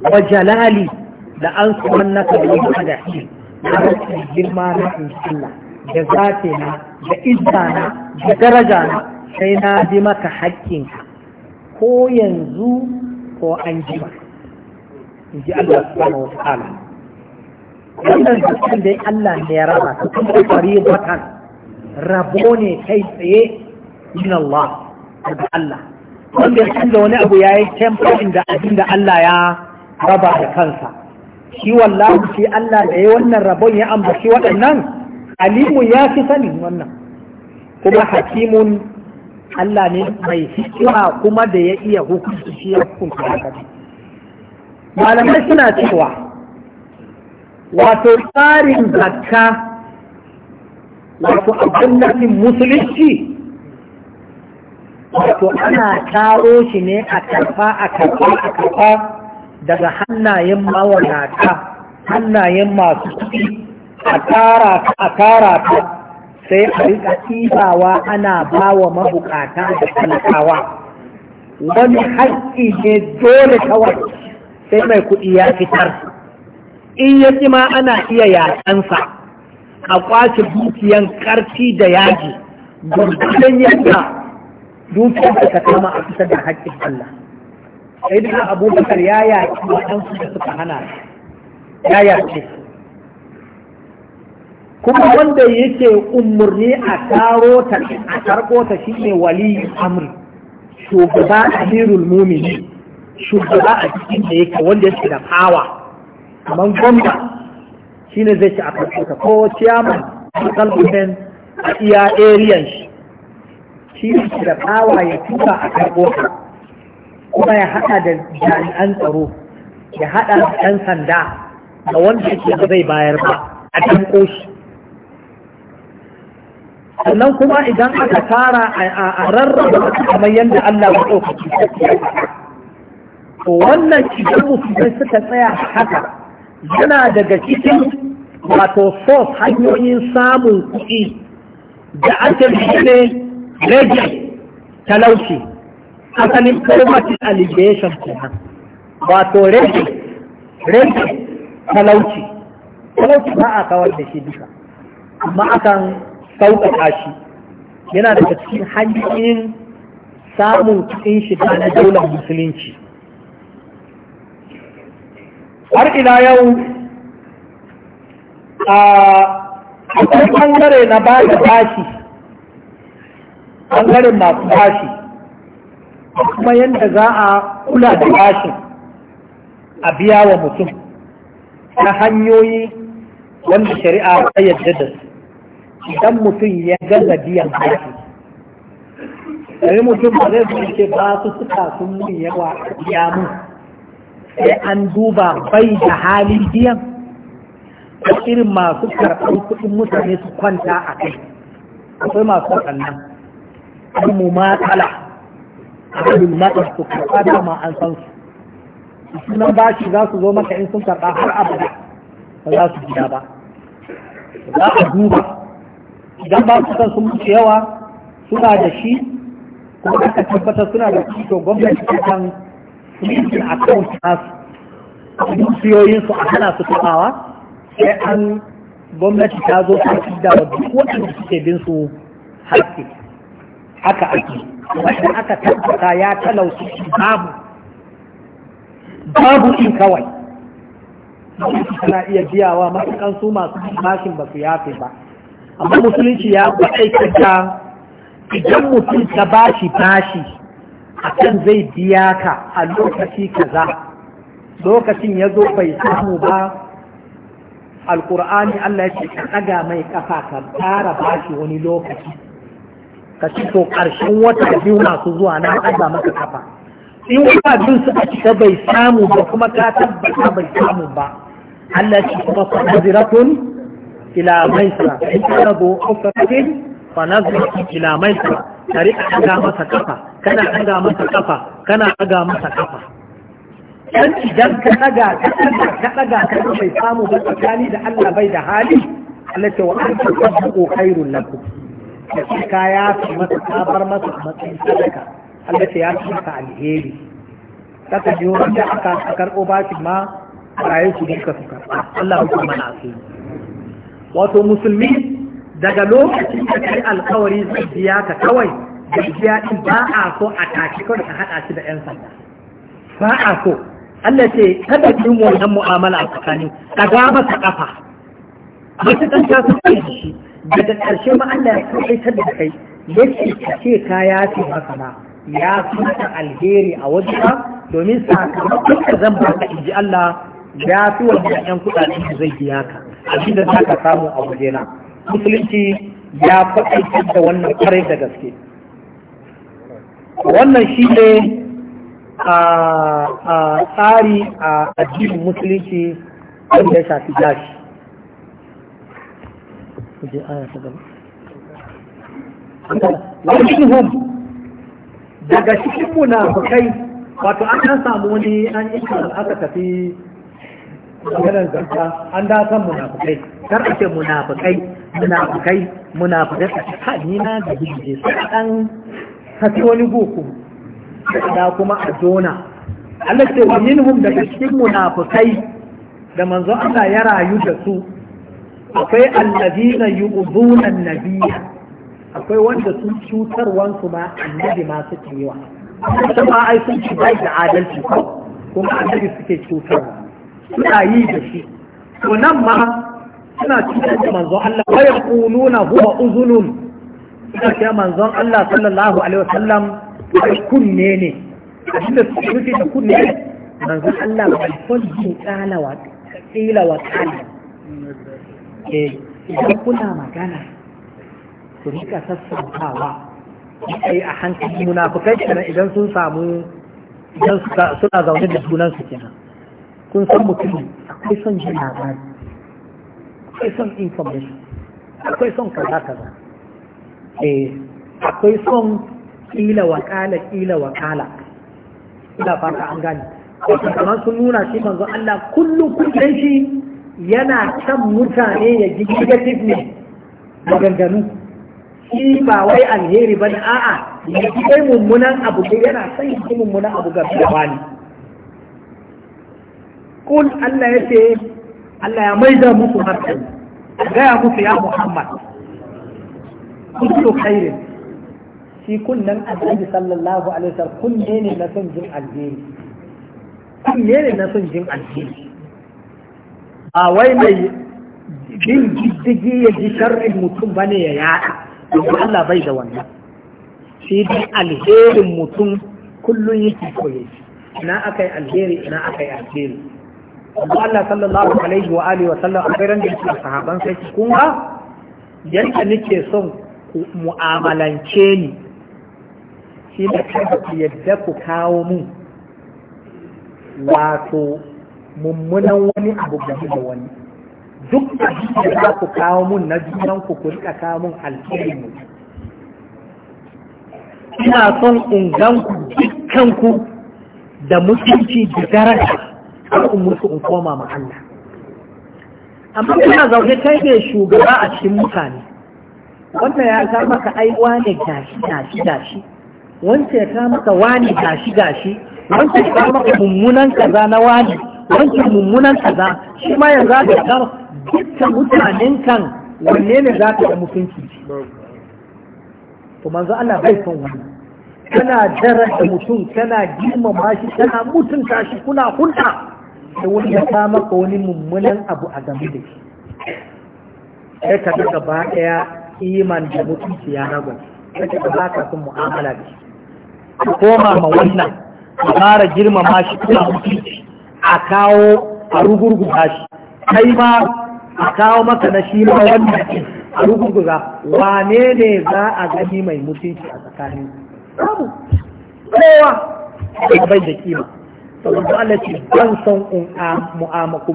wa jalali da an sunan na kalli da shi na rashin girma na inshallah da zafe na da izza na da daraja na sai na bi maka haƙƙinka ko yanzu ko an jima in ji Allah subhanahu wa ta'ala wannan dukkan dai Allah ne ya raba ta kuma faribatan rabo ne kai tsaye yin Allah daga Allah wanda ya san da wani abu ya yi tempo inda abin da Allah ya raba da kansa shi wallahu shi Allah da ya wannan rabon ya ambaci waɗannan alimu ya fi sanin wannan kuma hakimun Allah ne mai hikima kuma da ya iya hukunci shi ya hukunta haka malamai suna cewa wato tsarin zakka wato abin musulunci wato ana taro shi ne a karfa a karfa a karfa daga hannayen mawanata, hannayen masu kuɗi a tara ta sai a riƙa tsibawa ana ba wa mabukata da talakawa wani haƙƙi ne dole kawai sai mai kuɗi ya fitar in ya ma ana iya yaƙansa a ƙwace dukiyan ƙarfi da yaji gurgudan yadda dukiyar da ka kama a kusa da haƙƙin Allah sai da abu bakar ya yaƙi waɗansu da suka hana ya yaki kuma wanda yake umarni a taro ta a karɓo ta shi ne wali amri shugaba amirul mumini shugaba a cikin da yake wanda yake da fawa kamar gomba shi ne zai ci a karɓo ta ko ciyaman kalbumen a iya ariyan shi shi ne da fawa ya tuka a karɓo ta kuma ya haɗa da jami'an tsaro ya haɗa da ɗan sanda da wanda yake da zai bayar ba a ɗan ƙoshi sannan kuma idan aka tara a rarraba kamar yadda Allah ya ɗaukaki to wannan cikin musulmai suka tsaya haka yana daga cikin wato sos hanyoyin samun kuɗi da ake ne rage talauci asalin poverty allegation ba wato rage rage talauci talauci ba a kawar da shi duka amma akan sauƙaƙa shi yana daga cikin hanyoyin samun cikin shiga na daular musulunci har ila yau a ɓangare na ba da bashi ɓangaren masu bashi kuma yadda za a kula da bashin a biya wa mutum ta hanyoyi wanda shari'a ta yadda da su idan mutum ya gaza biyan bashi sai mutum ba zai zai ce ba su suka sun mun yawa biya mu sai an duba bai da halin biyan da irin masu karɓar kuɗin mutane su kwanta a kai akwai masu waɗannan mu matsala abin maɗin su karɓa ma an san su sunan bashi za su zo maka in sun karɓa har abada ba za su gida ba za a duba idan ba su san sun mutu yawa suna da shi kuma aka tabbata suna da shi to gwamnati ta kan sulhin account nasu su a kana su taɓawa sai an gwamnati ta zo ta fi da wa duk waɗanda suke bin su haske haka ake wanda aka tabbata ya talauci babu babu in kawai tana iya biyawa matukan su masu bashin ba su yafe ba amma musulunci ya aikata idan mutum ta bashi bashi kan zai biya ka a lokaci kaza lokacin ya zo bai samu ba alkur'ani Allah ya ce ka ɗaga mai ƙafa ka tara bashi wani lokaci ka ci to ƙarshen wata biyu masu zuwa na aza maka kafa in wata biyu suka cika bai samu ba kuma ka tabbata bai samu ba Allah ci kuma fa naziratun ila maisara in kana do ofatin fa naziratun ila maisara ka rika ɗaga masa kafa kana ɗaga masa kafa kana ɗaga masa kafa dan idan ka ɗaga ka ɗaga ka ɗaga ka bai samu ba tsakani da Allah bai da hali Allah ce wa an ta sabbu khairul lakum da ka ya fi masa tabar bar masa matsayin sadaka Allah ya fi maka alheri saka ji wani da aka karɓo bashi ma rayu su duka su karɓa Allah ya kuma nasu wato musulmi daga lokacin da kai alkawari su biya ka kawai da biya din ba a so a tashi kawai ka haɗa shi da yan sanda ba a so Allah ce kada ki wannan mu'amala a tsakanin ka ga ta kafa mutukan ta su kai shi daga ƙarshe ma Allah ya kuɗaitar da kai yake ce ka ya fi maka ya fi alheri a wajenka domin sakamakon ka zan baka inji Allah ya fi wannan ƴan kuɗaɗen da zai biya ka abin da za ka samu a wajena musulunci ya faɗa da wannan kwarai da gaske wannan shi ne a tsari a addinin musulunci wanda ya shafi gashi kuje aya ta gaba wajihum daga cikin munafikai wato an samu wani an yi aka tafi maganar zarta an da san munafikai kar a ce munafikai munafikai munafikai a cika na da bijije su a ɗan wani goku da kuma a jona Allah ce wa minhum daga cikin munafikai da manzo Allah ya rayu da su akwai allazina yu'dhuna an-nabiyya akwai wanda sun cutar wansu ba, annabi ma suke yi wa ta ma ai sun ci bai da adalci ko kuma annabi suke cutarwa suna yi da shi to nan ma suna cutar da manzon Allah wa yaquluna huwa uzunun suna cewa manzon Allah sallallahu alaihi wasallam kunne ne abinda suke nufi da kunne manzon Allah ba kun kala wa kila wa kala ke eh, idan kuna magana su rika sassantawa sai a hankali munafukai kenan idan sun samu idan suna zaune da sunan su kenan kun san mutum akwai son jin labari akwai son information akwai son kaza kaza eh akwai son kila wakala kila wakala ina fata an gane kuma sun nuna shi manzo Allah kullum kullum shi yana kan mutane ya ji negative ne maganganu shi ba wai alheri ba ne a'a ya ji kai mummunan abu ga yana son ji mummunan abu ga gaba ne kun Allah ya ce Allah ya maida musu ga ya musu ya Muhammad kullu khairin shi kunnan annabi sallallahu alaihi wasallam kun ne na son jin alheri ne na son jin alheri a wai mai jin jiddigi ya ji sharrin mutum ba ne ya yada yanzu Allah bai da wannan shi dai alherin mutum kullum yake koye ina aka yi alheri ina aka yi alheri yanzu Allah sallallahu alaihi wa alihi wa sallam a ran da yake sahaban sai kun ga yadda nake son ku mu'amalance ni shi da kai ku yadda ku kawo mun wato mummunan wani abu game da wani duk abin da za ku kawo mun na junan ku ku rika kawo mun alkhairin mu ina son ungan ku dukkan ku da mutunci da daraja kar in mutu in koma ma Allah amma kuna zaune kai ne shugaba a cikin mutane wannan ya ga maka ai wane gashi gashi gashi wancan ya ka maka wane gashi gashi wancan ya ka maka mummunan kaza na wane wancan mummunan kaza shi ma yanzu za ka ga dukkan mutanen kan wanne ne za ka yi mutunci to manzo Allah bai son Tana kana daraja mutum kana girmama shi kana mutunta shi kuna hulɗa da wani ya sa maka wani mummunan abu a game da shi sai ka daga ba ɗaya iman da mutunci ya rago sai ka ba ka sun mu'amala da shi koma ma wannan ka fara girmama shi kuna mutunci a kawo a rugurguza shi kai ma a kawo maka na shi ma wannan a rugurguza wane ne za a gani mai mutunci a tsakanin kowa da bai da kima saboda Allah ce ban son in mu'amaku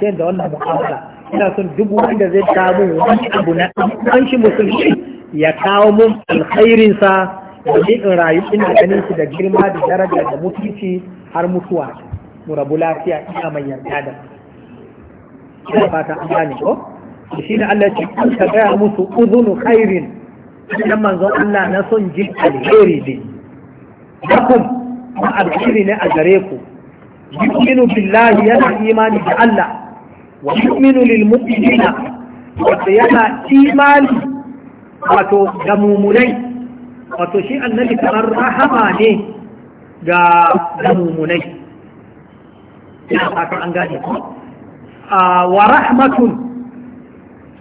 ce da wannan mu'amala ina son duk wanda zai samu wani abu na ɗan shi musulmi ya kawo mun alkhairinsa da in rayu ina ganin shi da girma da daraja da mutunci har mutuwa mu rabu lafiya ina mai yarda da ina fata an gane ko shi ne Allah ce ka gaya musu uzunu khairin dan manzon Allah na son jin alheri ne lakum ma alheri ne a gare ku yu'minu billahi yana imani da Allah wa yu'minu lil mu'minina wato yana imani wato ga mumunai wato shi annabi kamar rahama ne ga mumunai ina fatan an gane ku wa rahmatun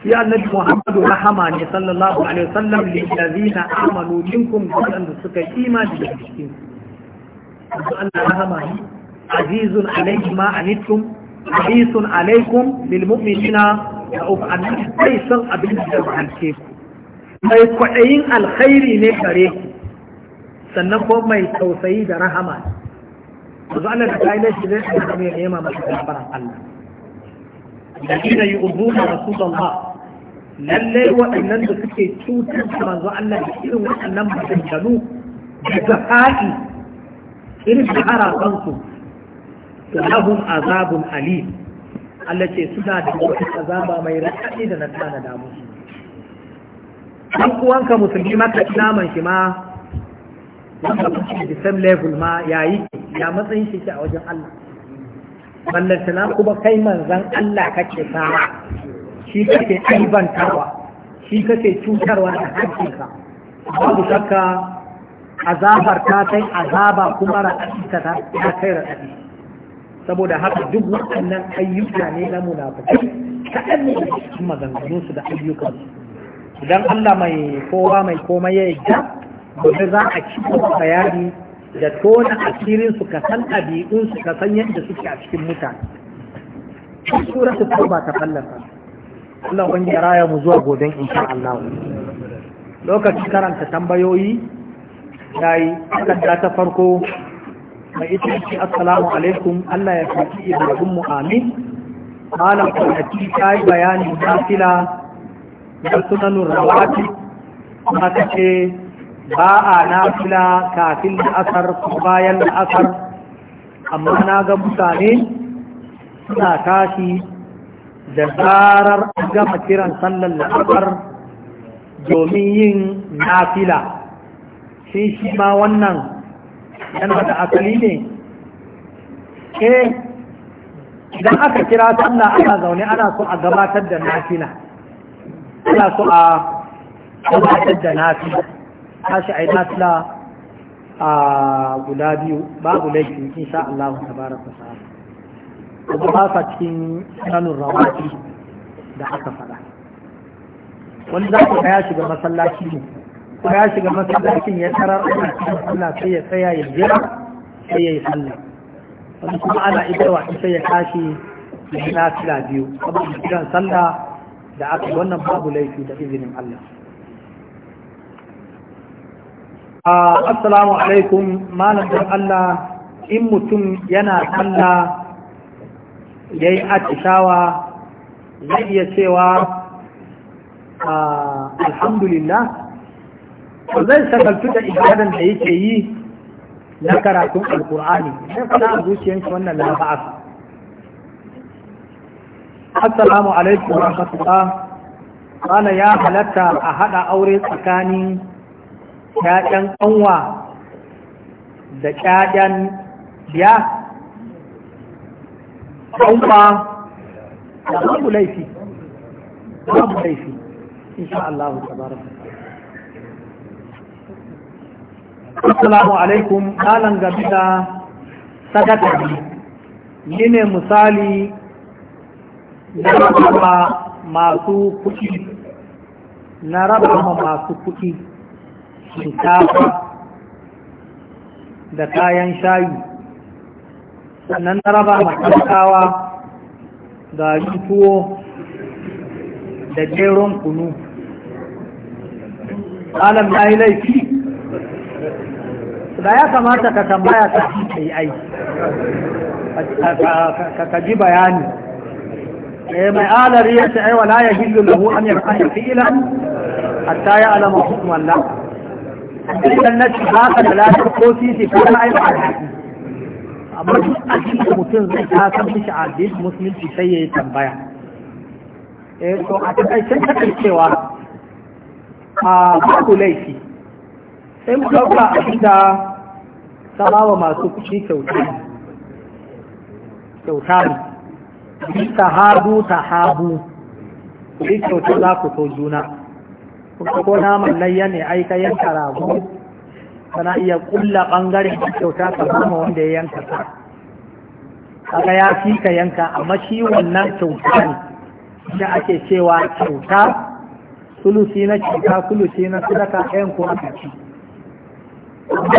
shi annabi muhammadu rahama ne sallallahu alaihi wasallam lil ladina amanu minkum wanda suka imani da cikin Allah rahama ne azizun alaihi ma anittum hadisun alaikum bil mu'minina ra'uf annabi sai san abin da ku mai kwaɗayin alkhairi ne gare ku sannan ko mai tausayi da rahama ne manzo Allah da kai shi ne da mai nema masa gafaran الذين يؤذون رسول الله lalle waɗannan da suke cutar da manzo Allah da irin waɗannan maganganu da zafa'i irin da harafansu lahum azabun alim Allah ce suna da wata azaba mai raɗaɗi da na tana damu. Ɗan uwanka musulmi maka naman shi wanda da same level ma yayi ya matsayin shi a wajen Allah ballantana kuma kai manzan Allah kake sama shi kake aibantarwa shi kake cutarwa da ka babu shakka azabar ta kai azaba kuma raɗaɗinta ta kai raɗaɗi saboda haka duk waɗannan ayyuka ne na munafukai kaɗan ne da cikin da ayyukansu idan Allah mai kowa mai komai ya yarda gobe za a ci gaba bayani da tona asirin su ka san ɗabi'un su ka san yadda suke a cikin mutane sura su ba ta fallasa Allah wani ya raya mu zuwa godon insha Allah lokacin karanta tambayoyi ya yi takarda ta farko mai ita ce assalamu alaikum Allah ya saki ibrahim mu amin malam kwanaki ta yi bayanin nafila da sunanin rawati ma ta ce ba a nafila kafin da asar ko bayan da asar amma na ga mutane suna tashi da zarar gama kiran sallar da domin yin nafila sai shi ma wannan yana da asali ne eh idan aka kira sallan ana zaune ana so a gabatar da nafila ana so a gabatar da nafila tashi a yi nafila a guda biyu babu laifi insha Allah ta bara ku sa kuma ba sa cikin sanin rawati da aka faɗa wani za ku ya shiga masallaci ne ko ya shiga masallacin ya tarar ana cikin sallah sai ya tsaya ya jira sai ya yi sallah wani kuma ana idarwa sai ya tashi ya yi nafila biyu saboda kiran sallah da aka wannan babu laifi da izinin Allah assalamu alaikum malam Allah in mutum yana Allah ya yi atishawa zai iya cewa alhamdulillah zai shagaltu da ibadan da yake yi na karatun alkur'ani sai fada a zuciyarsa wannan lafa'ar assalamu alaikum wa rahmatullah ya halatta a haɗa aure tsakanin ƙyaƙen ƙanwa da ƙyaƙen biya ƙanwa da babu laifi babu laifi insha Allah tabaraka Assalamu alaikum malam gabi da sadaka ne ne misali na raba masu kuɗi na raba masu kuɗi shinkafa da kayan shayi sannan na raba matakawa ga tuwo da jeron kunu alam ya yi laifi da ya kamata ka tambaya ta yi aiki ka ji bayani eh, mai alari ya ce aiwa la ya hillu lahu an yarfa filan hatta ya alama hukumar lafi idan na ba ka da lafiya ko titi ko na aiki amma duk a cikin mutum zai ta san mishi addinin musulunci sai ya yi tambaya eh to a takaicen cewa a babu laifi sai mu ɗauka abin da ta ba wa masu kuɗi kyauta kyauta ne ta habu ta habu kuɗi kyauta za ku so juna ko naman ya ne ai ka yanka rago kana iya kulla bangare da kyauta ka zama wanda ya yanka ka. kaga ya fi ka yanka amma shi wannan kyauta ne shi ake cewa kyauta sulusi na kyauta sulusi na sadaka ɗayan ko aka ci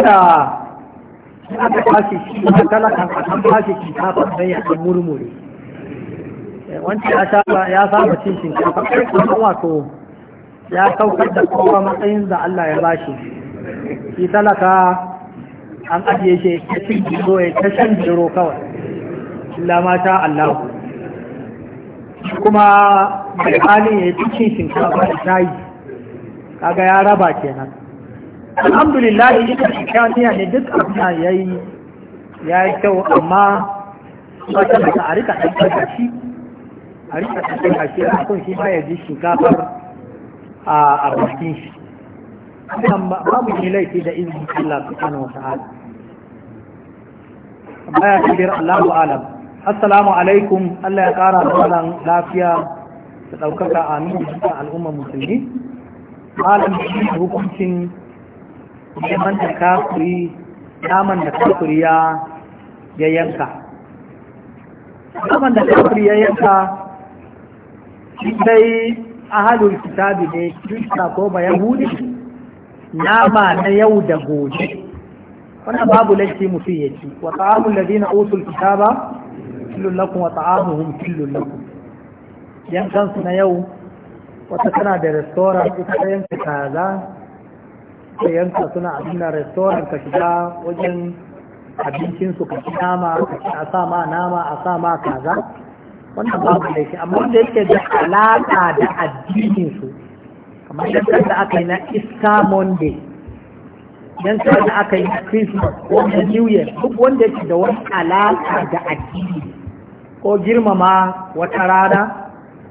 da aka kashi shi ma talakan a kan kashi shinkafa sai ya ɗan murmure eh, wancan ya saba cin shinkafa kai kuma wato ya saukar da kowa matsayin da Allah ya ba shi talaka an ajiye shi ya cin jiro ya ta jiro kawai illa mata Allah kuma mai halin ya ci cin shinkafa da shayi kaga ya raba kenan alhamdulillah ita shikaniya ne duk abin ya yi ya yi kyau amma wata ta a rika ɗan ƙarfashi a rika ɗan ƙarfashi a kun shi ma ya ji shinkafar a bakin shi babu ne laifi da izini, Allah subhanahu wa ta'ala baya Allah Allahu alam assalamu alaikum Allah ya kara malam lafiya da daukaka amin da al'umma musulmi malam shi hukuncin neman da kafiri naman da kafiri ya yanka naman da kafiri ya yanka shi dai ahalul kitabi ne kirista ko ba yahudi nama na yau da gobe wannan babu laifi mu ya ci wa ta'amul ladina usul kitaba kullun lakum wa ta'amuhum kullun lakum yan kansu na yau wata tana da restaurant ita ta yanka kaza ta yanka suna abin da restaurant ka shiga wajen abincinsu ka ci nama a sa ma nama a sa ma kaza wannan babu da shi amma da yake da alaƙa da addinin su kamar yankan da aka yi na Easter Monday yankan da aka yi na Christmas ko na New Year duk wanda yake da wani alaƙa da addini ko girmama wata rana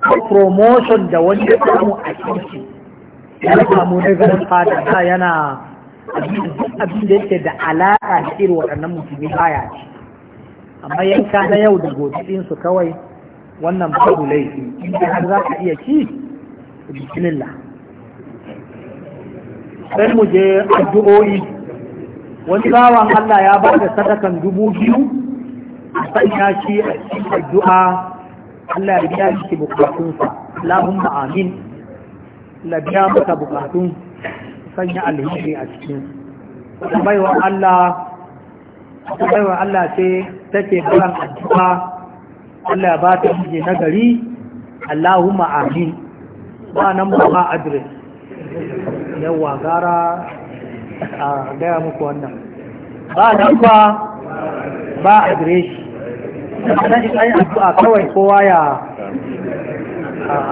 ko promotion da wani ya samu a kirki ya samu na ganin fata yana abin da yake da alaƙa da irin waɗannan mutumin baya ce amma yanka na yau da gobe ɗinsu kawai wannan babu laifi inda har za ka iya ci bismillah sai mu je addu'o'i wani bawan Allah ya ba da sadakan dubu biyu a sanya shi a cikin addu'a Allah ya biya shi bukatunsa Allahumma amin la biya maka bukatun sanya alheri a cikin baiwa Allah baiwa Allah ce take bayan addu'a Allah ba ta miji na gari Allahumma amin ba nan ba ba adres yawa gara a gaya muku wannan ba nan ba ba adres sannan in an yi addu'a kawai kowa ya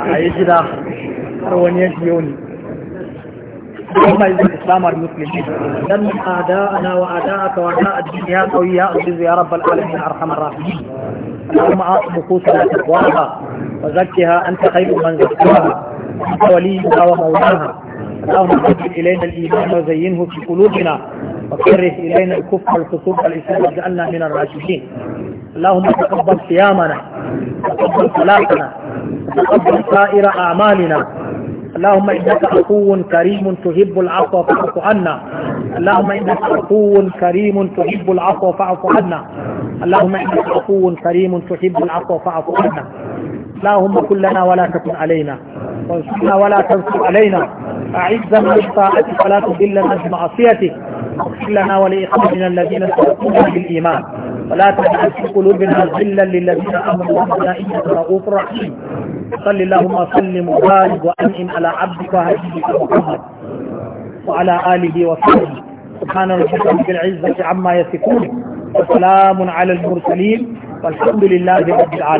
a yi jira, har wani ya yau ne. اللهم اعز الاسلام والمسلمين دمر اعداءنا واعداءك واعداء الدين يا قوي يا عزيز يا رب العالمين ارحم الراحمين اللهم اعط نفوسنا تقواها وزكها انت خير من زكاها انت وليها ومولاها اللهم حبب الينا الايمان وزينه في قلوبنا وكره الينا الكفر والفسوق والاسلام واجعلنا من الراشدين اللهم تقبل صيامنا وتقبل صلاتنا وتقبل سائر اعمالنا اللهم إنك عفو كريم تحب العفو فاعف عنا اللهم إنك عفو كريم تحب العفو فاعف عنا اللهم إنك عفو كريم تحب العفو فاعف عنا اللهم كن لنا ولا تكن علينا وانصرنا ولا تنصر علينا أعزنا بطاعتك ولا تذلنا بمعصيتك اغفر لنا ولإخواننا الذين سبقونا بالإيمان ولا تجعل في قلوبنا ذلا للذين آمنوا ربنا إنك رؤوف رحيم صل اللهم وسلم وبارك وانعم على عبدك وهديك محمد وعلى اله وصحبه سبحان ربك رب العزه عما يصفون وسلام على المرسلين والحمد لله رب العالمين